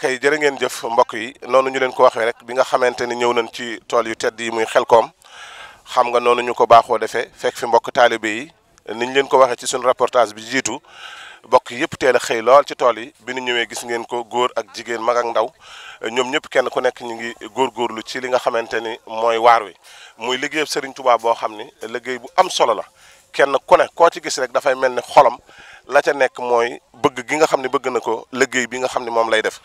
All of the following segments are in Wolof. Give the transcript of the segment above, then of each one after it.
kay jërë ngeen jëf mbokk yi noonu ñu leen ko waxee rek bi nga xamante ni ñëw nañ ci tool yu tedd yi muy xel Xelkom xam nga noonu ñu ko baaxoo defee fekk fi mbokk taalibe yi ñu leen ko waxee ci suñu reportage bi jiitu mbokk yëpp teel a xëy lool ci tool yi bi nu ñëwee gis ngeen ko góor ak jigéen mag ak ndaw ñoom ñëpp kenn ku nekk ñu ngi góor góorlu ci li nga xamante ni mooy waar wi muy liggéeyub Serigne tubaab boo xam ni liggéey bu am solo la kenn ku ne koo ci gis rek dafay mel ni xolam la ca nekk mooy bëgg gi nga xam ne bëgg na ko liggéey bi nga xam ne moom lay def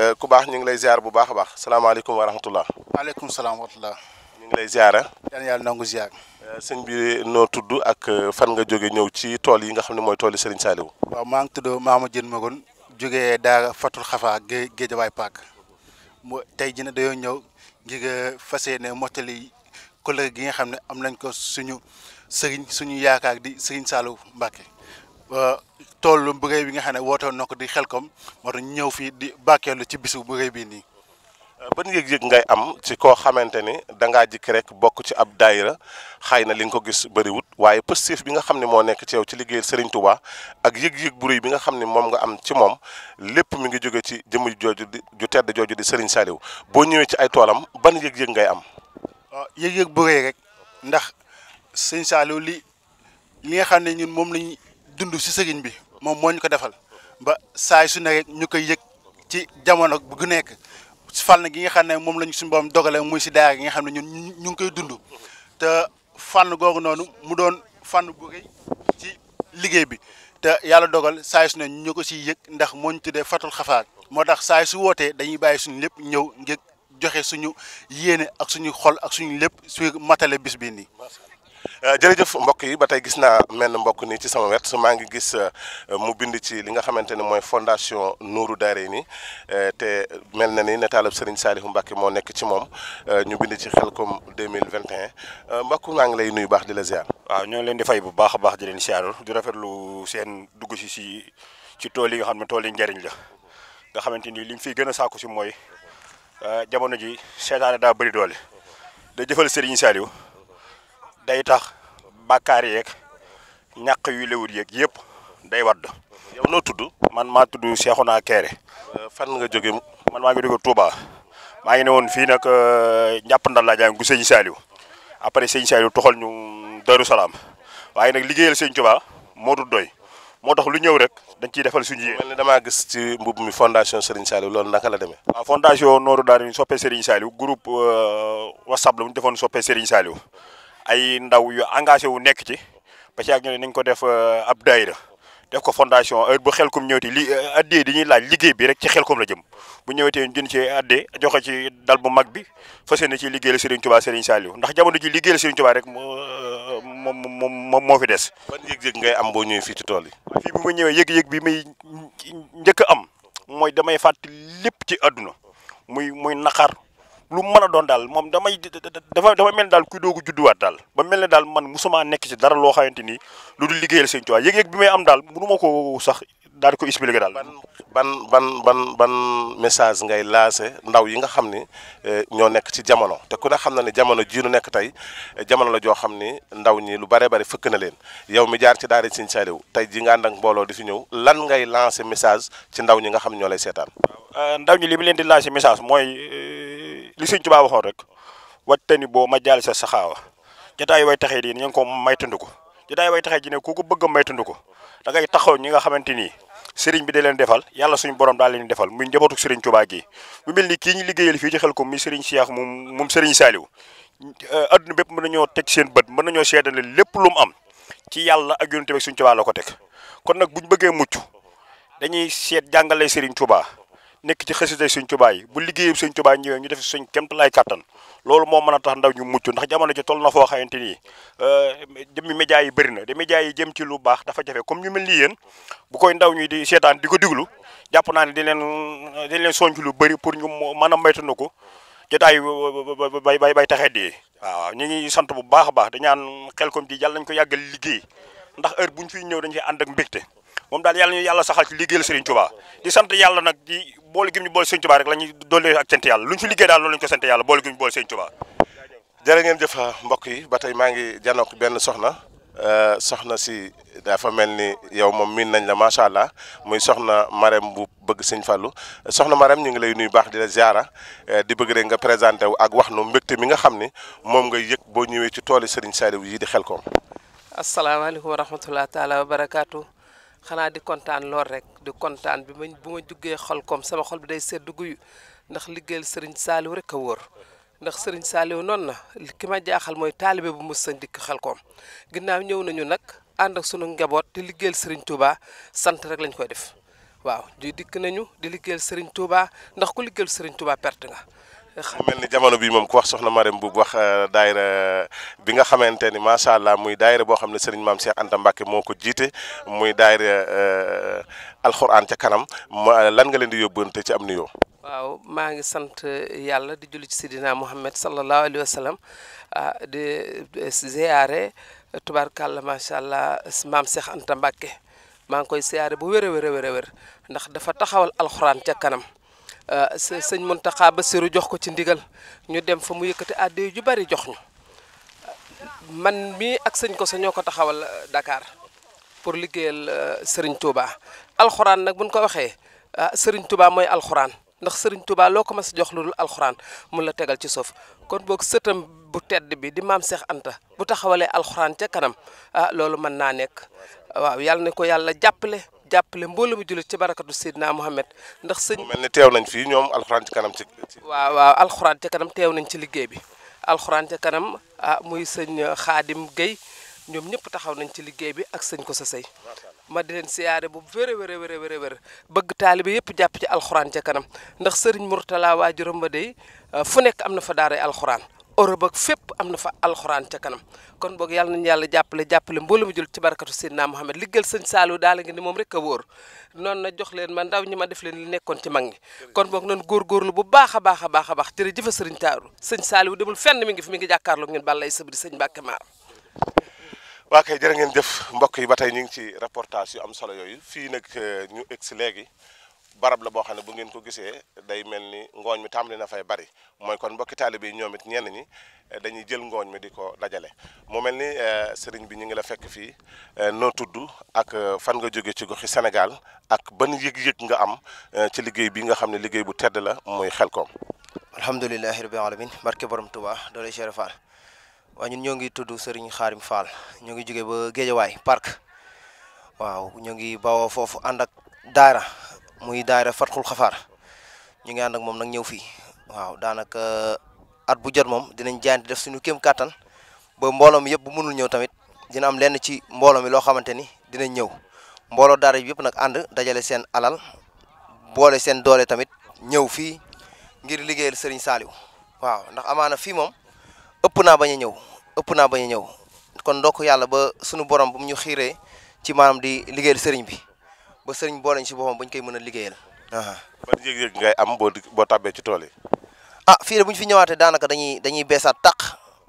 euh, ku baax ñu ngi lay ziar bu baax a baax salaamaaleykum wa rahmatullah waaleykum salaam wa rahmatullah ñu ngi lay ziara yaan yàlla nangu ziar euh, sëñ bi noo tudd ak euh, fan nga jóge ñëw ci tool yi nga xam ne mooy tool yi Serigne Saliou waaw maa ngi tudd Maama Jën Magon jóge daa Fatul Xafa gé Géejawaay Park mu tey jii nag dañoo ñëw ngir fas yéene mottali collègue gi nga xam ne am nañ ko suñu sëriñ suñu yaakaar di Serigne Saliou Mbacké toolu bu rëy bi nga xam ne wootoon na ko di xelkom moo tax ñëw fii di bàkkeelu ci bisu bu rëy bii nii. Euh, ban yëg-yëg ngay am ci koo xamante ni dangaa jikki rek bokk ci ab daayira xay na li nga ko gis bëriwut waaye positif bi nga xam ne moo nekk ci yow ci liggéeyal Serigne Touba ak yëg-yëg bu rëy bi nga xam ne moom nga am ci moom lépp mu ngi jóge ci jëmm jooju di ju tedd jooju di sëriñ Saliou boo ñëwee ci ay toolam ban yëg-yëg ngay am. Ah, yëg-yëg bu rëy rek ndax Serigne Saliou li li nga xam ne ñun moom lañ dund si sëriñ bi moom moo ñu ko defal ba saay su ne ñu koy yëg ci jamono bu nekk fal na gi nga xam ne moom lañ suñ borom dogale muy si daara gi nga xam ne ñun ñu ngi koy dund te fànn googu noonu mu doon fànn bu rëy ci liggéey bi te yàlla dogal saay su ne ñu ko siy yëg ndax moo ñu tuddee fatul xafaar moo tax saay su wootee dañuy bàyyi suñu lépp ñëw ngir joxe suñu yéene ak suñu xol ak suñu lépp su matale bis bii nii Euh, jërëjëf mbokk yi ba tey gis naa mel menn mbokk ni ci sama wet maa ngi gis euh, mu bind ci li nga xamante ne mooy fondation Nourou Darayni euh, te mel na ni nataalab Serigne Saliou Mbacké moo nekk ci moom ñu bind ci Khelcom 2021 mbakku maa ngi lay nuyu baax di la ziar. waaw ñoo leen di fay bu baax baax di leen ziar di rafetlu seen dugg ci si ci tool yi nga xam ne tool yi njëriñ la nga xamante ni liñ fi gën a saako si mooy jamono ji seetaane daa bëri doole da jëfal Serigne Saliou. day tax bàkkaar yeeg ñàq yu lewut yeeg yëpp day wadd yow noo tudd man maa tudd Cheikhouna Kéré euh, fan nga jóge man maa ngi jóge Touba maa ngi ne woon fii nag euh, njàpp ndal laa jàng gu sëñ Saliou après sëñ Saliou toxal ñu Darou Salaam waaye nag liggéeyal sëñ Touba moo du doy moo tax lu ñëw rek dañ ciy defal suñu yéen. mel ni damaa gis ci mbubb mi fondation Serigne Saliou loolu naka la demee. waaw fondation Nooru Daarayni soppee Serigne Saliou groupe euh, WhatsApp mu bu ñu defoon soppee Serigne Saliou ay ndaw yu engagé wu nekk ci ba ci ak ñu ne nañ ko def euh, ab daayira def ko fondation heure bu xelkom ñëwati li euh, addee di dañuy laaj liggéey bi rek ci xel xelkom la jëm bu ñëwatee jën ci addee joxe ci dal bu mag bi fas yéene ci liggéeyal Serigne Touba Serigne Saliou ndax jamono ji liggéeyal Serigne Touba rek euh, moom moom moo fi des. ban yëg-yëg ngay am boo ñëwee fii ci tool yi. fii bu ma ñëwee yëg bi may njëkk am mooy damay fàtt lépp ci àdduna muy muy naqar lu mën a doon daal moom damay dafa dafa mel daal kuy doogu judduwaat daal ba mel ne daal man musuma nekk ci dara loo xamante ni lu dul liggéeyal seen cuwaay yëg-yëg bi may am daal mënu ma ko sax daal di ko expliquer daal. ban ban ban ban ban message ngay lancé ndaw yi nga xam ni eh, ñoo nekk ci jamono te ku ne xam na ne jamono jii nu nekk tey eh, jamono la joo xam ni ndaw ñi lu bare bari fëkk na leen yow mi jaar ci daara Serigne Saliou tey ji nga ànd mbooloo di fi ñëw lan ngay lancé message ci ndaw ñi nga xam ñoo lay seetaan. Eh, ndaw message mooy. li sëñ Tuubaa waxoon rek wattani boo ma jaal sa saxaawa jetaa way taxee di ñu ngi ko maytandu ko jotaay way taxee ji ne ko ko bëgg a maytandu ko da ngay taxaw ñi nga xamante ni sëriñ bi da leen defal yàlla suñu borom daal leen defal muy njabootu sëriñ Tuubaa gi mu mel ni kii ñu liggéeyal fii ci xel ko muy sëriñ Cheikh moom moom sëriñ Saliou euh, adduna bépp mën nañoo teg seen bët mën nañoo seedale lépp lu mu am ci yàlla ak yonent bi suñ Tuubaa la ko teg kon nag buñ bëggee mucc dañuy seet jàngale sëriñ Tuubaa nekk ci xësiday suñ tubaay yi bu liggéeyam suñ tubaay ñu def suñ kemt lay kattan loolu moo mën a tax ndaw ñu mucc ndax jamono ji toll na foo xamante ni euh, jëmmi média yi bëri na de média yi jëm ci lu baax dafa jafe comme ñu mel ni yéen bu koy ndaw ñi di seetaan di ko diglu jàpp naa ne di leen di leen soñc lu bari pour ñu man a maytanu ko jotaay bay bay bay taxee di waaw ñu ngi sant bu baax a baax di ñaan Xelcom ji yàlla nañ ko yàggal liggéey ndax heure bu ñu fiy ñëw dañ fiy ànd ak mbégte moom daal yàlla ñu yàlla saxal ci liggéeyal Serigne boole gim ñu boole sëñ Tuubaa rek la ñuy ak sant yàlla lu ñu fi liggéey daal loolu lañu ko sant yàlla boole ngeen jëf mbokk yi ba tey maa ngi janook benn soxna euh, soxna si dafa mel ni yow moom miin nañ la macha allah muy soxna Marème bu bëgg sëñ Fallou soxna Marème ñu ngi lay nuyu baax di la ziara euh, di bëgg rek nga présenté wu ak wax nu mbégte mi nga xam ni moom nga yëg boo ñëwee ci tooli Serigne Saliou yi di Xelkom. asalaamaaleykum wa rahmatulah taalaa wa xanaa di kontaan lool rek di kontaan bi ma bu ma duggee xol kom sama xol bi day sedd guyu ndax liggéeyal sëriñ Saliou rek a wóor ndax sëriñ saaliw noonu na ki ma jaaxal mooy taalibe bu mos sa dikk xel koom ginnaaw ñëw nañu nag ànd ak sunu njaboot di liggéeyal sëriñ Touba sant rek lañ koy def waaw di dikk nañu di liggéeyal sëriñ Touba ndax ku liggéeyal sëriñ Touba perte nga. mel ni jamono bi moom ku wax soxna Marème Mbuub wax euh, daayira bi nga xamante ni macha allah muy daayira boo xam ne sëriñ maam Cheikh Anta Mbacke moo ko jiite muy daayira euh, alxuraan ca kanam ma lan nga leen di yóbbante ci am nuyoo. waaw maa ngi sant yàlla di julli ci sidina Muhammad sallallahu alayhi wa sallam ah, di ziare tubaarkàlla macha allah maam Cheikh Anta Mbacke maa ngi koy ziare bu wér a wér wér ndax dafa taxawal alxuraan ca kanam. Euh, sëñ taxaaba Bassirou jox ko ci ndigal ñu dem fa mu yëkkati àddiya ju bari jox ñu man mii ak sëñ ko sa ñoo ko taxawal euh, Dakar pour liggéeyal euh, sëriñ Touba alxuraan nag buñ ko waxee ah, sëriñ Touba mooy alxuraan ndax sëriñ Touba loo ko mas jox lu dul alxuraan mun la tegal ci suuf kon boog sëtam bu tedd bi di maam Cheikh Anta bu taxawalee alxuraan ca kanam ah, loolu mën naa nekk waaw yàlla na ko yàlla jàppale. jàppale mbooloo mu jullit ci barakatu Seydina Mohamed ndax sëñ. mu mel ni teew nañ fii ñoom alxuraan ci kanam ci. waaw waaw alxuraan ci kanam teew nañ ci liggéey bi alxuraan ci kanam ah muy sëñ Xaadim Guèye ñoom ñëpp taxaw nañ ci liggéey bi ak sëñ ko sa sëy ma di leen siyaare bu wér wér wér wér wér bëgg taalibe yëpp jàpp ci alxuraan ca kanam ndax sëriñ Mourtala waajuram ba dey ah, fu nekk am na fa daaray alxuraan Europe ak fépp am na fa alxuraan ca kanam kon boog yàlla nañu yàlla jàppale jàppale mbooloo mu jul ci barkatu Seydina Mohamed liggéeyal sëñ Saliou daal ngi ni moom rek a wóor noonu na jox leen ma ndaw ñi ma def leen li nekkoon ci mag ñi kon boog noonu góorgóorlu bu baax a baax a baax a baax jërëjëf sëriñ Taaru sëñ Saliou demul fenn mi ngi fi mi ngi jàkkaarloo ngeen bàllay sabri sëñ Mbàkke Maar waa kay jërë ngeen jëf mbokk yi ba tey ñu ngi ci reportage yu am solo yooyu fii nag eh, ñu egg si léegi barab la boo xam ne bu ngeen ko gisee day mel ni ngooñ mi tàmbali na fay bari mooy kon mbokki taalibe yi ñoomit it ñenn ñi eh, dañuy jël ngooñ mi di ko dajale mu mel ni eh, sëriñ bi ñu ngi la fekk fii eh, noo tudd ak fan nga jóge ci goxi Sénégal ak ban yëg-yëg nga am ci liggéey bi nga xam ne liggéey bu tedd la muy Xelcom alhamdulilahi rabbil alamin barke borom tubaa doole Cheikh Fall waaw ñun ñoo ngi tudd sëriñ Xaarim Fall ñoo ngi jóge ba Géejawaay parc waaw ñoo ngi bawoo foofu ànd ak daara muy daayira Fatxul Xafaar ñu ngi ànd ak moom nag ñëw fii waaw daanaka uh, at bu jot moom dinañ jaanti def suñu kem kàttan ba mbooloom mi yëpp bu mënul ñëw tamit dina am lenn ci mbooloo mi loo xamante ni dinañ ñëw mbooloo daara bi yëpp nag ànd dajale seen alal boole seen doole tamit ñëw fii ngir liggéeyal sëriñ Saliou waaw ndax amaana fii moom ëpp naa bañ a ñëw ëpp naa bañ a ñëw kon ndokk yàlla ba suñu borom bu ñu xiiree ci maanaam di liggéeyal Serigne bi ba sëriñ boole ñu si boppam ba koy mën a liggéeyal. am boo boo tàbbee ci tool a ah fii de bu ñu fi ñëwaatee daanaka dañuy dañuy beesaat taq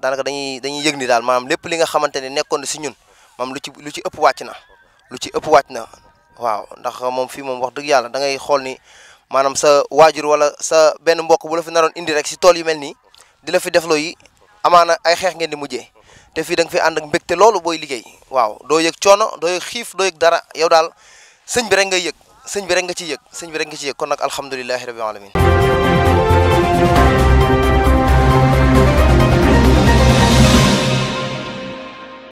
daanaka dañuy dañuy yëg ni daal maanaam lépp li nga xamante ne nekkoon si ñun maam lu ci lu ci ëpp wàcc na lu ci ëpp wàcc na waaw ndax moom fii moom wax dëgg yàlla da ngay xool ni maanam sa waajur wala sa benn mbokk bu la fi naroon indi rek si tool yu mel nii di la fi defloo yi amaana ay xeex ngeen di mujjee te fii da fi ànd ak mbégte loolu booy liggéey sëñ bi nga ngay yëg sëñ bi rek nga ci yëg sëñ bi nga ci yëg kon nag alhamdulilahi rabbil alamin